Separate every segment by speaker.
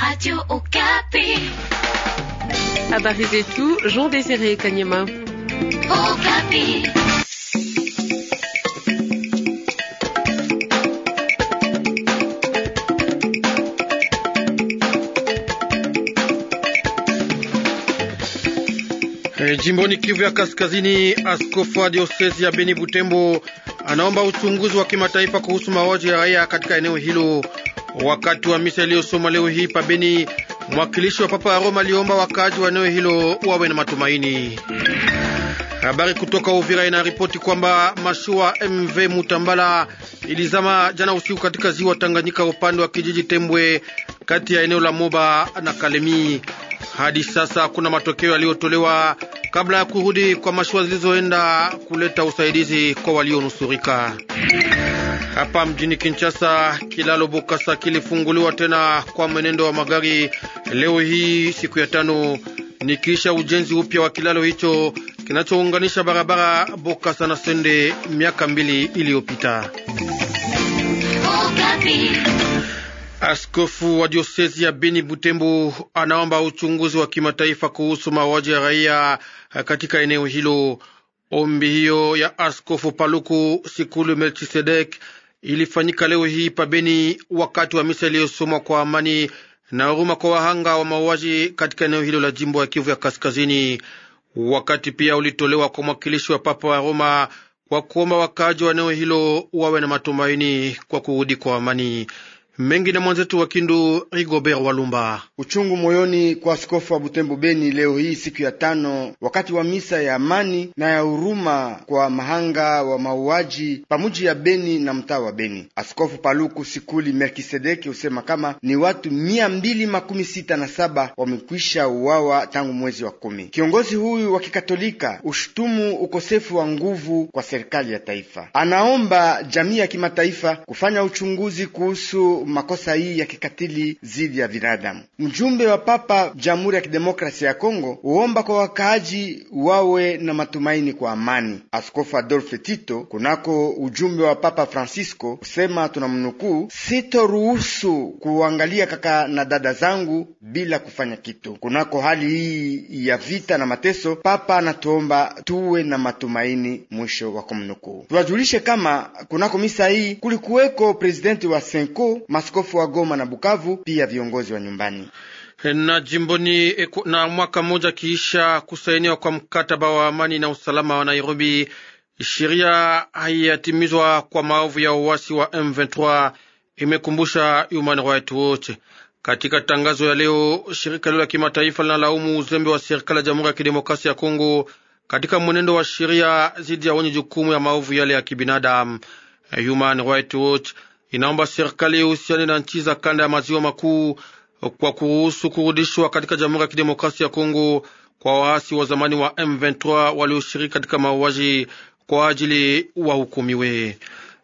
Speaker 1: Radio Okapi.
Speaker 2: Habari zetu Jean Désiré Kanyema.
Speaker 1: Okapi.
Speaker 3: E, jimboni Kivu ya Kaskazini, askofu wa diosesi ya Beni Butembo anaomba uchunguzi wa kimataifa kuhusu mauaji ya raia katika eneo hilo. Wakati wa misa iliyosomwa leo hii pabeni, mwakilishi wa Papa wa Roma aliomba wakaaji wa eneo hilo wawe na matumaini. Habari kutoka Uvira inaripoti kwamba mashua MV Mutambala ilizama jana usiku katika ziwa Tanganyika upande wa kijiji Tembwe kati ya eneo la Moba na Kalemi. Hadi sasa kuna matokeo yaliyotolewa kabla ya kurudi kwa mashua zilizoenda kuleta usaidizi kwa walionusurika. Hapa mjini Kinshasa, kilalo Bokasa kilifunguliwa tena kwa mwenendo wa magari leo hii siku ya tano, nikiisha ujenzi upya wa kilalo hicho kinachounganisha barabara Bokasa na Sende miaka mbili iliyopita. Askofu wa diosezi ya Beni Butembo anaomba uchunguzi wa kimataifa kuhusu mauaji ya raia katika eneo hilo. Ombi hiyo ya Askofu Paluku Sikulu Melchisedek ilifanyika leo hii pabeni wakati wa misa iliyosomwa kwa amani na huruma kwa wahanga wa mauaji katika eneo hilo la jimbo ya Kivu ya Kaskazini. Wakati pia ulitolewa kwa mwakilishi wa Papa wa Roma kwa kuomba wakaaji wa eneo hilo wawe na matumaini kwa kurudi kwa amani mengi na mwenzetu wa Kindu Rigobert Walumba.
Speaker 1: Uchungu moyoni kwa askofu wa Butembo Beni leo hii siku ya tano, wakati wa misa ya amani na ya huruma kwa mahanga wa mauaji pamuji ya Beni na mtaa wa Beni. Askofu Paluku Sikuli Melkisedeki husema kama ni watu mia mbili makumi sita na saba wamekwisha uawa tangu mwezi wa kumi. Kiongozi huyu wa kikatolika ushutumu ukosefu wa nguvu kwa serikali ya taifa, anaomba jamii ya kimataifa kufanya uchunguzi kuhusu makosa hii ya kikatili dhidi ya binadamu. Mjumbe wa Papa Jamhuri ya Kidemokrasia ya Kongo huomba kwa wakaaji wawe na matumaini kwa amani. Askofu Adolfe Tito kunako ujumbe wa Papa Francisco kusema, tunamnukuu, sitoruhusu kuangalia kaka na dada zangu bila kufanya kitu. Kunako hali hii ya vita na mateso, Papa anatuomba tuwe na matumaini, mwisho wa kumnukuu. Tuwajulishe kama kunako misa hii kulikuweko presidenti wa Senko maskofu wa Goma na Bukavu, pia viongozi wa nyumbani
Speaker 3: na jimboni. Na mwaka mmoja kiisha kusainiwa kwa mkataba wa amani na usalama wa Nairobi, sheria haiyatimizwa kwa maovu ya uwasi wa M23, imekumbusha Human Rights Watch. Katika tangazo ya leo, shirika hilo la kimataifa linalaumu uzembe wa serikali ya Jamhuri ya Kidemokrasia ya Kongo katika mwenendo wa sheria dhidi ya wenye jukumu ya maovu yale ya kibinadamu. Human Rights Watch inaomba serikali ihusiani na nchi za kanda ya maziwa makuu kwa kuruhusu kurudishwa katika Jamhuri ya Kidemokrasia ya Kongo kwa waasi wa zamani wa M23 walioshiriki katika mauaji kwa ajili wahukumiwe.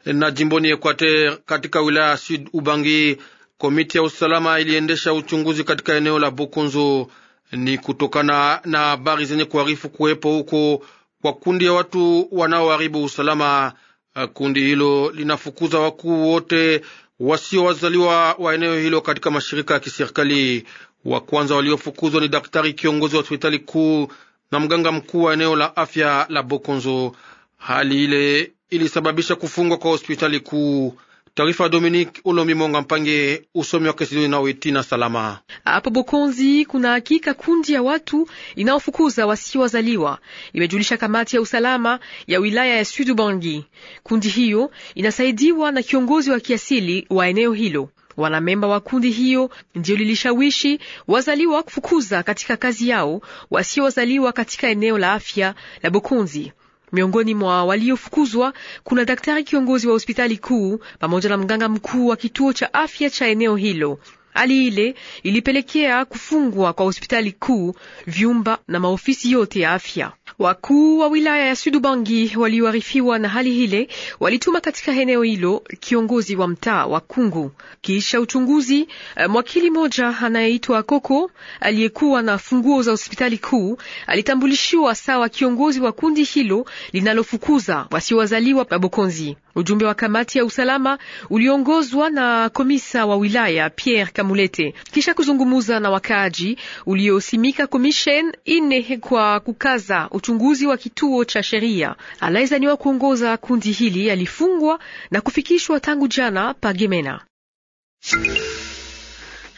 Speaker 3: Na jimboni Ekwater, katika wilaya ya Sud Ubangi, komiti ya usalama iliendesha uchunguzi katika eneo la Bukunzu. Ni kutokana na habari zenye kuarifu kuwepo huko kwa kundi ya watu wanaoharibu usalama. Ah, kundi hilo linafukuza wakuu wote wasiowazaliwa wa eneo hilo katika mashirika ya kiserikali. Wa kwanza waliofukuzwa ni daktari kiongozi wa hospitali kuu na mganga mkuu wa eneo la afya la Bokonzo. Hali ile ilisababisha kufungwa kwa hospitali kuu. Taarifa Dominique Ulombi Monga Mpange, usomi wa Kesidoni na Witina Salama.
Speaker 2: Hapo Bokonzi kuna hakika kundi ya watu inaofukuza wasiowazaliwa, imejulisha kamati ya usalama ya wilaya ya Sud Ubangi. Kundi hiyo inasaidiwa na kiongozi wa kiasili wa eneo hilo. Wanamemba wa kundi hiyo ndio lilishawishi wazaliwa kufukuza katika kazi yao wasiowazaliwa katika eneo la afya la Bokonzi. Miongoni mwa waliofukuzwa kuna daktari kiongozi wa hospitali kuu pamoja na mganga mkuu wa kituo cha afya cha eneo hilo. Hali ile ilipelekea kufungwa kwa hospitali kuu, vyumba na maofisi yote ya afya. Wakuu wa wilaya ya Sudubangi walioarifiwa na hali hile walituma katika eneo hilo kiongozi wa mtaa wa Kungu. Kisha uchunguzi, eh, mwakili moja anayeitwa Koko aliyekuwa na funguo za hospitali kuu alitambulishiwa sawa kiongozi wa kundi hilo linalofukuza wasiowazaliwa Babokonzi. Ujumbe wa kamati ya usalama uliongozwa na komisa wa wilaya Pierre Kamulete kisha kuzungumuza na wakaaji uliosimika komishen ine kwa kukaza uchunguzi mchunguzi wa kituo cha sheria anayezaniwa kuongoza kundi hili alifungwa na kufikishwa tangu jana Pagemena.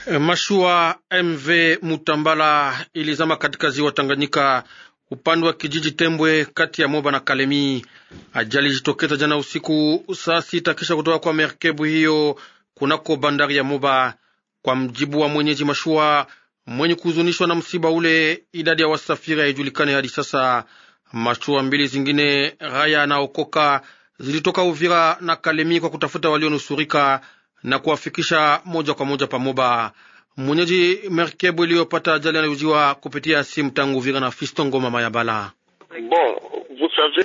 Speaker 3: Eh, mashua MV Mutambala ilizama katika ziwa Tanganyika upande wa kijiji Tembwe kati ya Moba na Kalemi. Ajali ilijitokeza jana usiku saa sita kisha kutoka kwa merkebu hiyo kunako bandari ya Moba. Kwa mjibu wa mwenyeji mashua, mwenye kuhuzunishwa na msiba ule. Idadi ya wasafiri haijulikani hadi sasa. Mashua mbili zingine Raya na Okoka zilitoka Uvira na Kalemi kwa kutafuta walionusurika na kuwafikisha moja kwa moja pamoba. Mwenyeji merkebu iliyopata ajali anayojiwa kupitia simu tangu Uvira na Fisto Ngoma Mayabala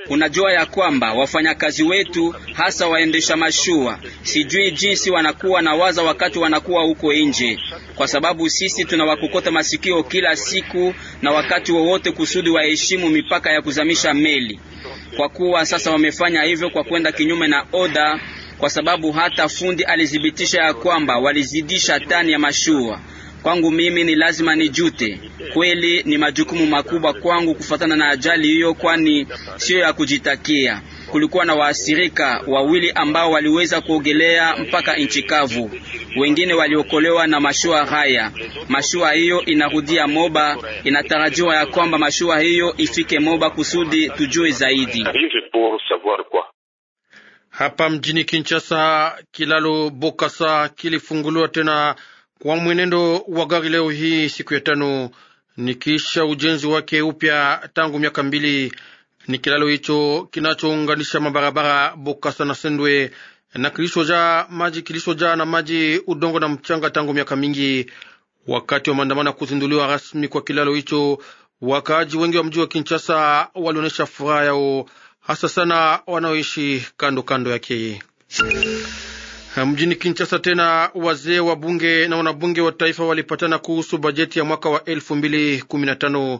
Speaker 1: unajua ya kwamba wafanyakazi wetu hasa waendesha mashua, sijui jinsi wanakuwa na waza wakati wanakuwa huko nje, kwa sababu sisi tunawakokota masikio kila siku na wakati wowote, kusudi waheshimu mipaka ya kuzamisha meli, kwa kuwa sasa wamefanya hivyo kwa kwenda kinyume na oda, kwa sababu hata fundi alithibitisha ya kwamba walizidisha tani ya mashua. Kwangu mimi ni lazima nijute. Kweli ni majukumu makubwa kwangu kufatana na ajali hiyo, kwani siyo ya kujitakia. Kulikuwa na waasirika wawili ambao waliweza kuogelea mpaka nchi kavu, wengine waliokolewa na mashua haya.
Speaker 3: Mashua hiyo inarudia Moba. Inatarajiwa ya kwamba mashua hiyo ifike Moba kusudi tujue zaidi. Hapa mjini Kinshasa, kilalo Bokasa kilifunguliwa tena kwa mwenendo wa gari leo hii siku ya tano nikiisha ujenzi wake upya tangu miaka mbili. Ni kilalo hicho kinachounganisha mabarabara Bokasa na Sendwe na kilishojaa maji kilishojaa na maji, udongo na mchanga tangu miaka mingi. Wakati wa maandamano ya kuzinduliwa rasmi kwa kilalo hicho, wakaaji wengi wa mji wa Kinshasa walionyesha furaha yao, hasa sana wanaoishi kando kando yake. Mjini Kinshasa tena wazee wa bunge na wanabunge wa taifa walipatana kuhusu bajeti ya mwaka wa 2015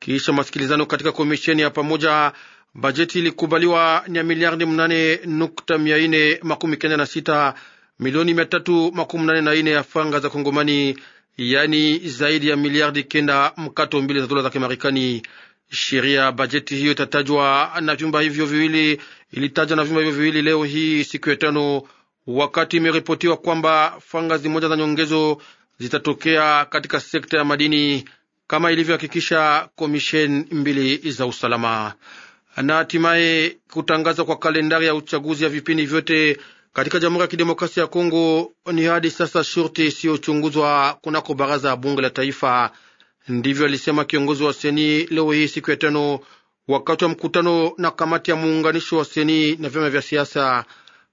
Speaker 3: kisha masikilizano katika komisheni ya pamoja. Bajeti ilikubaliwa ni ya miliardi mnane nukta mia nne makumi kenda na sita milioni mia tatu makumi nane na nne ya fanga za Kongomani, yaani zaidi ya miliardi kenda mkato mbili za dola za Kimarekani. Sheria ya bajeti hiyo itatajwa na vyumba hivyo viwili, ilitajwa na vyumba hivyo viwili leo hii siku ya tano wakati imeripotiwa kwamba fangazi moja za nyongezo zitatokea katika sekta ya madini kama ilivyohakikisha komisheni mbili za usalama, na hatimaye kutangaza kwa kalendari ya uchaguzi ya vipindi vyote katika Jamhuri ya Kidemokrasia ya Kongo ni hadi sasa shurti isiyochunguzwa kunako baraza ya bunge la taifa. Ndivyo alisema kiongozi wa seni leo hii siku ya tano, wakati wa mkutano na kamati ya muunganisho wa seni na vyama vya siasa.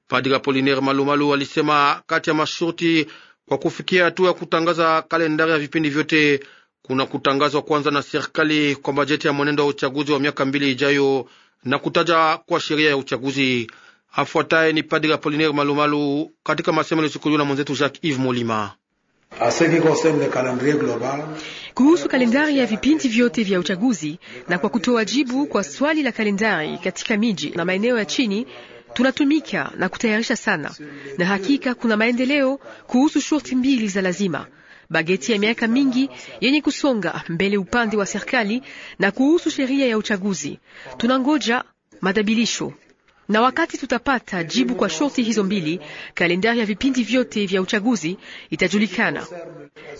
Speaker 3: Padri Apolinaire Malumalu alisema kati ya masharti kwa kufikia hatua ya kutangaza kalendari ya vipindi vyote kuna kutangazwa kwanza na serikali kwa bajeti ya mwenendo wa uchaguzi wa miaka mbili ijayo na kutaja kwa sheria ya uchaguzi. Afuataye ni Padri Apolinaire Malumalu katika masemo yaliyochukuliwa na mwenzetu Jacques Yves Molima.
Speaker 2: Kuhusu kalendari ya vipindi vyote vya uchaguzi na kwa kutoa jibu kwa swali la kalendari katika miji na maeneo ya chini tunatumika na kutayarisha sana, na hakika kuna maendeleo kuhusu shurti mbili za lazima bageti ya miaka mingi yenye kusonga mbele upande wa serikali na kuhusu sheria ya uchaguzi tunangoja madabilisho na wakati tutapata jibu kwa shoti hizo mbili, kalendari ya vipindi vyote vya uchaguzi itajulikana.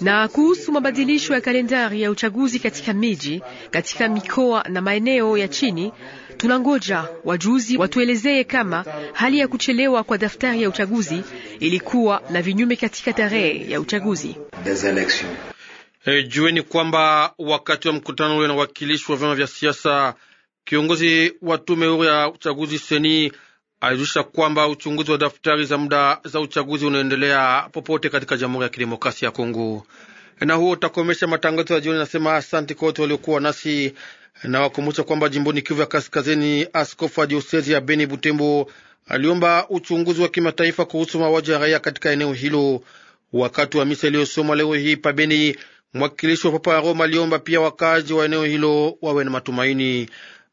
Speaker 2: Na kuhusu mabadilisho ya kalendari ya uchaguzi katika miji, katika mikoa na maeneo ya chini, tunangoja wajuzi watuelezee kama hali ya kuchelewa kwa daftari ya uchaguzi ilikuwa na vinyume katika tarehe ya uchaguzi.
Speaker 3: Hey, eh, jueni kwamba wakati wa mkutano ule na wakilishi wa vyama vya siasa Kiongozi wa tume huru ya uchaguzi Seni alijulisha kwamba uchunguzi wa daftari za muda za uchaguzi unaendelea popote katika Jamhuri ya Kidemokrasia ya Kongo. Na huo utakomesha matangazo ya jioni. Nasema asante kwa wote waliokuwa nasi na wakumbusha kwamba jimboni Kivu ya Kaskazini, askofu wa diosezi ya Beni Butembo aliomba uchunguzi wa kimataifa kuhusu mauaji ya raia katika eneo hilo. Wakati wa misa iliyosomwa leo hii pabeni, mwakilishi wa Papa ya Roma aliomba pia wakazi wa eneo hilo wawe na matumaini.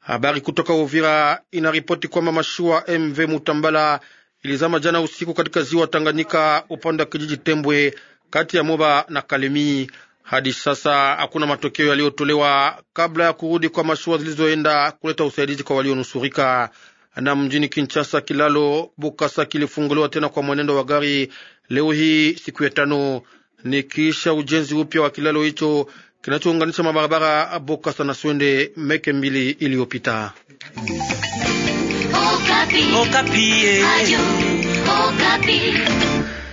Speaker 3: Habari kutoka Uvira inaripoti kwamba mashua MV Mutambala ilizama jana usiku katika ziwa Tanganyika upande wa kijiji Tembwe kati ya Moba na Kalemi. Hadi sasa hakuna matokeo yaliyotolewa kabla ya kurudi kwa mashua zilizoenda kuleta usaidizi kwa walionusurika. Na mjini Kinshasa, kilalo Bukasa kilifunguliwa tena kwa mwenendo wa gari leo hii siku ya tano, nikiisha ujenzi upya wa kilalo hicho kinachounganisha mabarabara Bokasa na Swende meke mbili iliyopita.
Speaker 1: Okapi. Okapi. Eh.